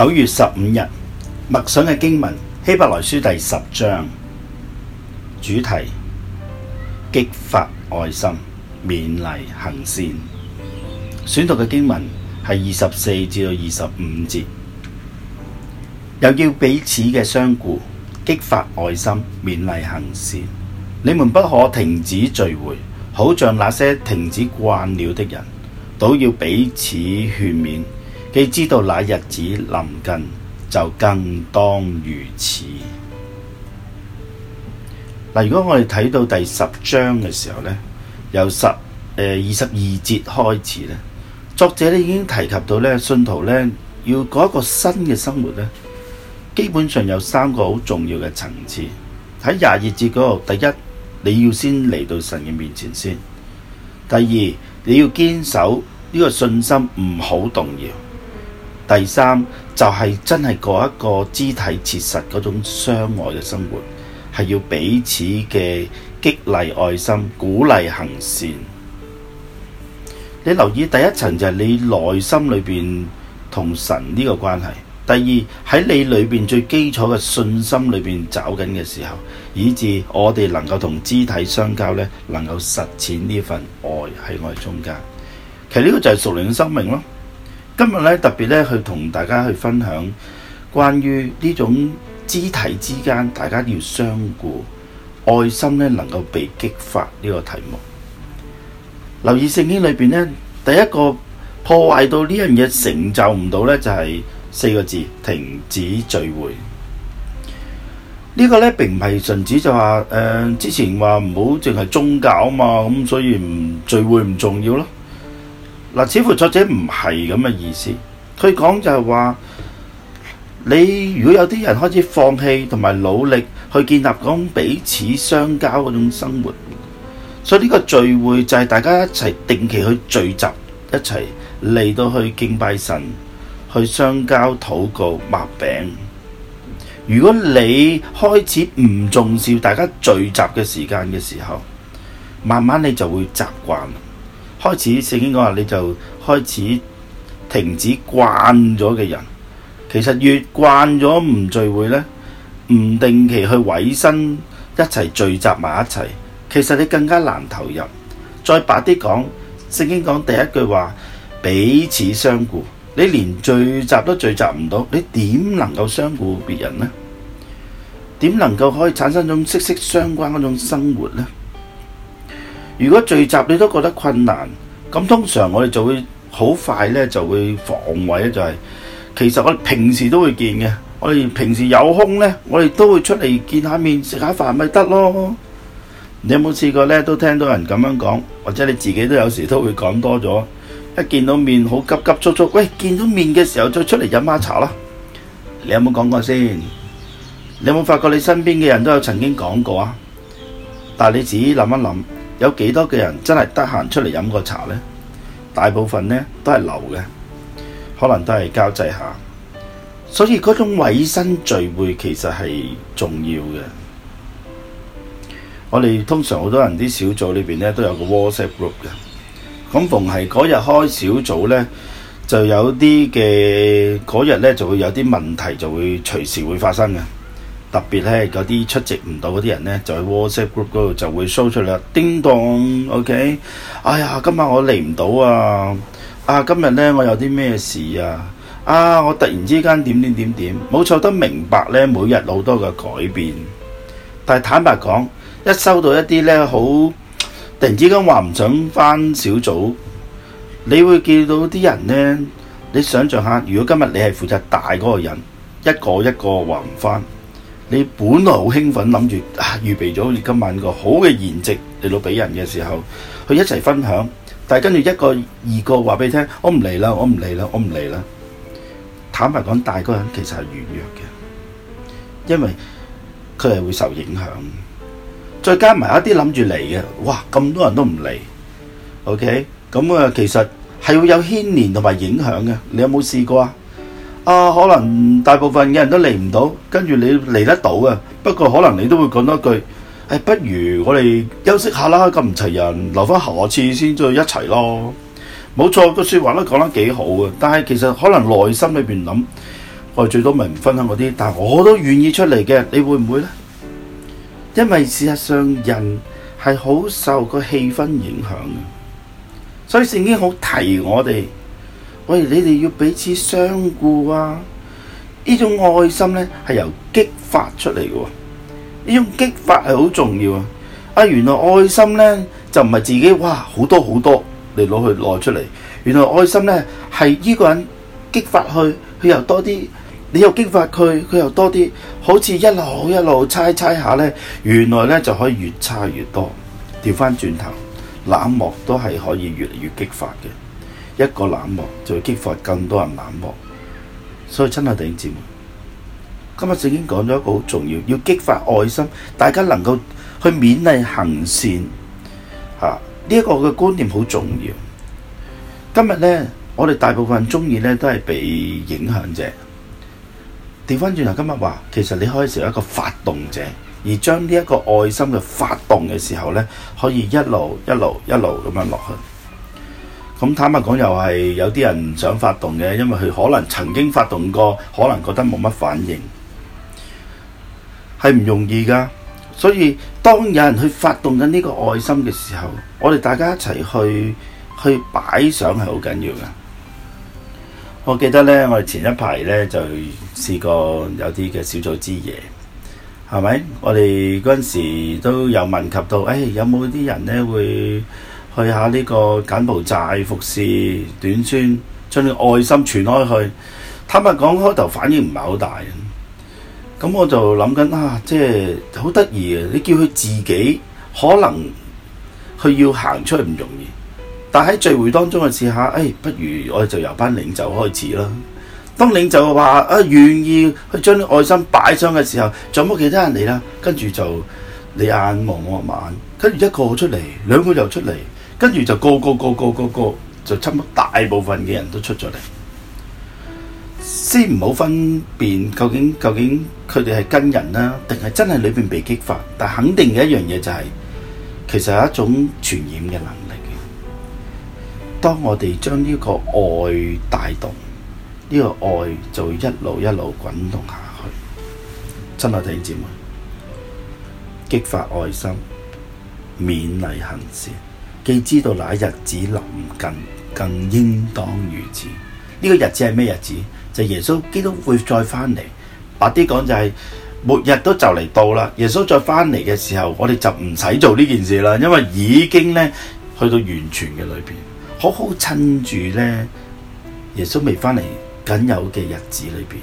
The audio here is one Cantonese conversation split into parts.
九月十五日默想嘅經文《希伯來書》第十章，主題激發愛心、勉勵行善。選讀嘅經文係二十四至到二十五節，又要彼此嘅相顧，激發愛心、勉勵行善。你們不可停止聚會，好像那些停止慣了的人都要彼此勸勉。既知道那日子臨近，就更當如此。嗱，如果我哋睇到第十章嘅時候咧，由十誒二十二節開始咧，作者咧已經提及到咧，信徒咧要過一個新嘅生活咧，基本上有三個好重要嘅層次喺廿二節嗰度。第一，你要先嚟到神嘅面前先；第二，你要堅守呢個信心，唔好動搖。第三就係、是、真係過一個肢體切實嗰種相愛嘅生活，係要彼此嘅激勵愛心、鼓勵行善。你留意第一層就係你內心裏邊同神呢個關係；第二喺你裏邊最基礎嘅信心裏邊找緊嘅時候，以致我哋能夠同肢體相交呢，能夠實踐呢份愛喺我哋中間。其實呢個就係屬靈嘅生命咯。今日咧特別咧去同大家去分享關於呢種肢體之間，大家要相顧，愛心咧能夠被激發呢個題目。留意聖經裏邊咧，第一個破壞到呢樣嘢成就唔到呢，就係四個字：停止聚會。呢個呢，並唔係純指就話誒，之前話唔好淨係宗教啊嘛，咁所以唔聚會唔重要咯。嗱，似乎作者唔係咁嘅意思，佢講就係話：你如果有啲人開始放棄同埋努力去建立嗰種彼此相交嗰種生活，所以呢個聚會就係大家一齊定期去聚集，一齊嚟到去敬拜神、去相交、禱告、擘餅。如果你開始唔重視大家聚集嘅時間嘅時候，慢慢你就會習慣。開始聖經講話你就開始停止慣咗嘅人，其實越慣咗唔聚會呢唔定期去委身，一齊聚集埋一齊，其實你更加難投入。再白啲講，聖經講第一句話彼此相顧，你連聚集都聚集唔到，你點能夠相顧別人呢？點能夠可以產生種息息相關嗰種生活呢？如果聚集你都覺得困難，咁通常我哋就會好快咧就會防衞咧、就係，就係其實我哋平時都會見嘅。我哋平時有空咧，我哋都會出嚟見下面食下飯咪得咯。你有冇試過咧？都聽到人咁樣講，或者你自己都有時都會講多咗。一見到面好急急促促，喂，見到面嘅時候再出嚟飲下茶啦。你有冇講過先？你有冇發覺你身邊嘅人都有曾經講過啊？但係你自己諗一諗。有幾多嘅人真係得閒出嚟飲個茶呢？大部分呢都係流嘅，可能都係交際下，所以嗰種委身聚會其實係重要嘅。我哋通常好多人啲小組裏邊咧都有個 WhatsApp group 嘅，咁逢係嗰日開小組呢，就有啲嘅嗰日呢就會有啲問題就會隨時會發生嘅。特別咧，嗰啲出席唔到嗰啲人咧，就喺 WhatsApp group 嗰度就會 show 出嚟啦。叮當，OK？哎呀，今日我嚟唔到啊！啊，今日咧我有啲咩事啊？啊，我突然之間點點點點，冇錯，都明白咧，每日好多嘅改變。但係坦白講，一收到一啲咧好突然之間話唔想返小組，你會見到啲人咧。你想像下，如果今日你係負責大嗰個人，一個一個話唔返。你本來好興奮，諗住、啊、預備咗今晚個好嘅筵席嚟到俾人嘅時候，去一齊分享。但係跟住一個、二個話俾你聽，我唔嚟啦，我唔嚟啦，我唔嚟啦。坦白講，大個人其實係軟弱嘅，因為佢係會受影響。再加埋一啲諗住嚟嘅，哇！咁多人都唔嚟，OK？咁啊，其實係會有牽連同埋影響嘅。你有冇試過啊？啊，可能大部分嘅人都嚟唔到，跟住你嚟得到嘅，不過可能你都會講多句，哎，不如我哋休息下啦，咁唔齊人，留翻下次先再一齊咯。冇錯，個說話都講得幾好嘅，但係其實可能內心裏邊諗，我最多咪唔分享嗰啲，但我都願意出嚟嘅，你會唔會呢？因為事實上人係好受個氣氛影響，所以聖經好提我哋。喂，你哋要彼此相顧啊！呢種愛心呢係由激發出嚟嘅喎，呢種激發係好重要啊！啊，原來愛心呢就唔係自己哇好多好多你攞去攞出嚟，原來愛心呢係呢個人激發去，佢又多啲，你又激發佢，佢又多啲，好似一路一路猜猜猜下呢，原來呢就可以越猜越多，調翻轉頭冷漠都係可以越嚟越激發嘅。一個冷漠就會激發更多人冷漠，所以親愛弟兄姊妹，今日聖經講咗一個好重要，要激發愛心，大家能夠去勉勵行善，吓呢一個嘅觀念好重要。今日呢，我哋大部分中意呢都係被影響者，調翻轉頭，今日話其實你可以做一個發動者，而將呢一個愛心嘅發動嘅時候呢，可以一路一路一路咁樣落去。咁坦白講，又係有啲人唔想發動嘅，因為佢可能曾經發動過，可能覺得冇乜反應，係唔容易噶。所以當有人去發動緊呢個愛心嘅時候，我哋大家一齊去去擺上係好緊要噶。我記得呢，我哋前一排呢，就試過有啲嘅小組之嘢之夜，係咪？我哋嗰陣時都有問及到，誒、哎、有冇啲人呢會去下呢個柬埔寨服侍短宣，將啲愛心傳開去。坦白講，開頭反應唔係好大。咁我就諗緊啊，即係好得意啊！你叫佢自己可能佢要行出去唔容易，但喺聚會當中嘅試下，誒、哎，不如我哋就由班領袖開始啦。當領袖話啊願意去將啲愛心擺上嘅時候，仲有冇其他人嚟啦。跟住就你眼望我眼，跟住一個出嚟，兩個又出嚟。跟住就個個個個個個，就差唔多，大部分嘅人都出咗嚟。先唔好分辨究竟究竟佢哋係跟人啦，定係真係裏邊被激發。但肯定嘅一樣嘢就係、是，其實係一種傳染嘅能力嘅。當我哋將呢個愛帶動，呢、這個愛就會一路一路滾動下去。親愛嘅弟兄姊妹，激發愛心，勉勵行善。既知道那日子臨近，更應當如此。呢、這個日子係咩日子？就是、耶穌基督會再翻嚟。白啲講就係、是、末日都就嚟到啦。耶穌再翻嚟嘅時候，我哋就唔使做呢件事啦，因為已經呢去到完全嘅裏邊，好好趁住呢耶穌未翻嚟，僅有嘅日子裏邊，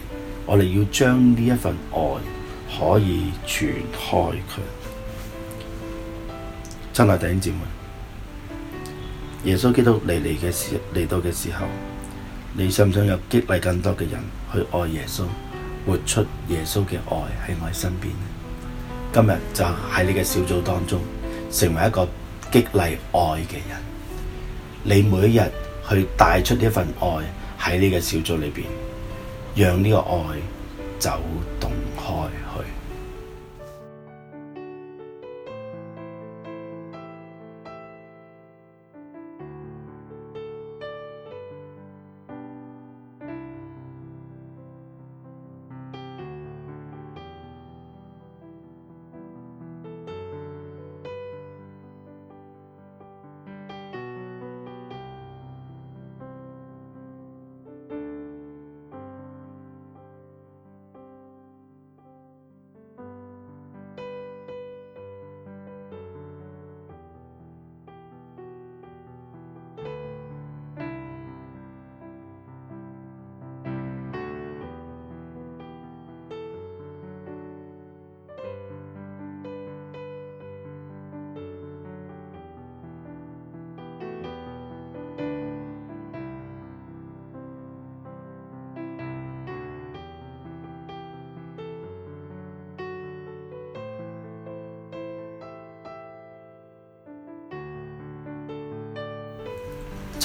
我哋要將呢一份愛可以傳開佢。真係弟兄姊妹。耶穌基督嚟嚟嘅時，嚟到嘅時候，你想唔想有激勵更多嘅人去愛耶穌，活出耶穌嘅愛喺我身邊呢？今日就喺你嘅小組當中，成為一個激勵愛嘅人。你每一日去帶出呢份愛喺呢個小組裏邊，讓呢個愛走動開。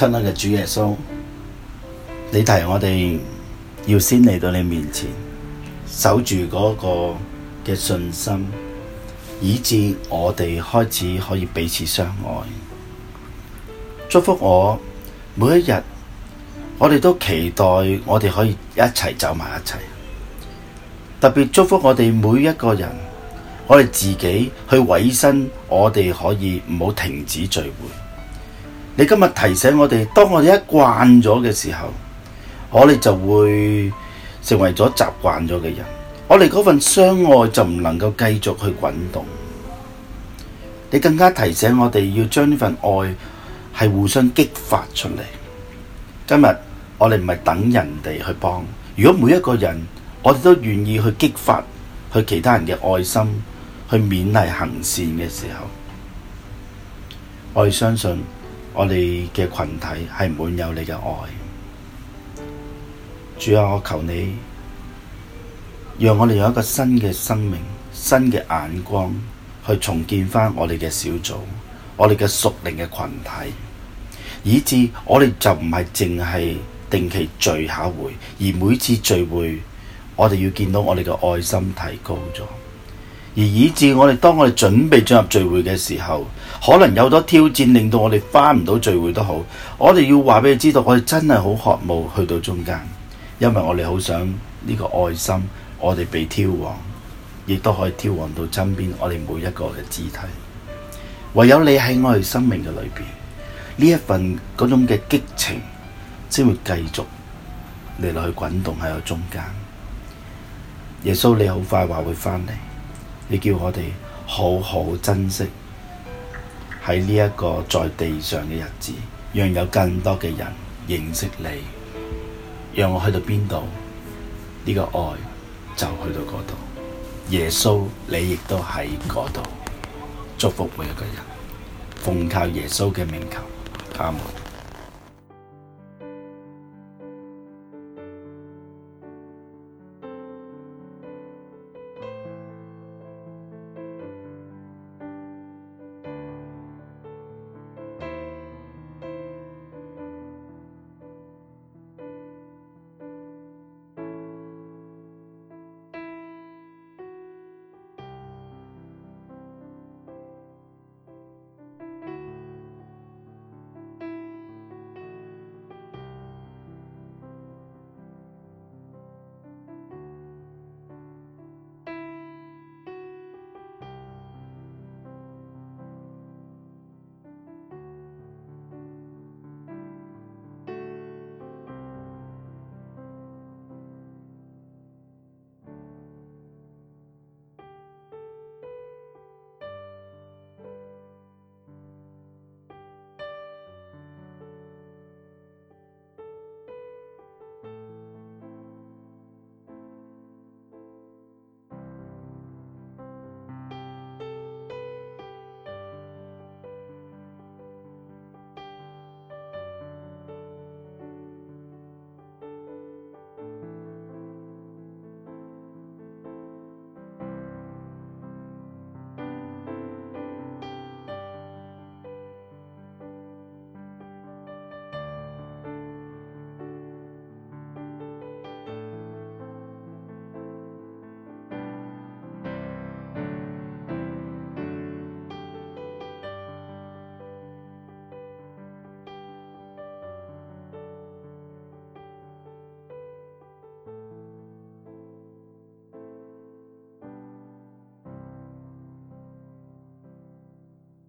親愛的主耶穌，你提我哋要先嚟到你面前，守住嗰個嘅信心，以致我哋開始可以彼此相愛。祝福我每一日，我哋都期待我哋可以一齊走埋一齊。特別祝福我哋每一個人，我哋自己去委身，我哋可以唔好停止聚會。你今日提醒我哋，當我哋一慣咗嘅時候，我哋就會成為咗習慣咗嘅人，我哋嗰份相愛就唔能夠繼續去滾動。你更加提醒我哋要將呢份愛係互相激發出嚟。今日我哋唔係等人哋去幫，如果每一個人我哋都願意去激發去其他人嘅愛心，去勉勵行善嘅時候，我哋相信。我哋嘅群體係滿有你嘅愛的，主啊，我求你，讓我哋有一個新嘅生命、新嘅眼光去重建返我哋嘅小組，我哋嘅屬靈嘅群體，以至我哋就唔係淨係定期聚下會，而每次聚會，我哋要見到我哋嘅愛心提高咗。而以致我哋當我哋準備進入聚會嘅時候，可能有咗挑戰，令到我哋翻唔到聚會都好，我哋要話俾你知道，我哋真係好渴慕去到中間，因為我哋好想呢個愛心，我哋被挑旺，亦都可以挑旺到身邊我哋每一個嘅肢體。唯有你喺我哋生命嘅裏邊，呢一份嗰種嘅激情，先會繼續嚟落去滾動喺我中間。耶穌你，你好快話會翻嚟。你叫我哋好好珍惜喺呢一個在地上嘅日子，讓有更多嘅人認識你，讓我去到邊度，呢、這個愛就去到嗰度。耶穌你，你亦都喺嗰度祝福每一個人，奉靠耶穌嘅名求，阿門。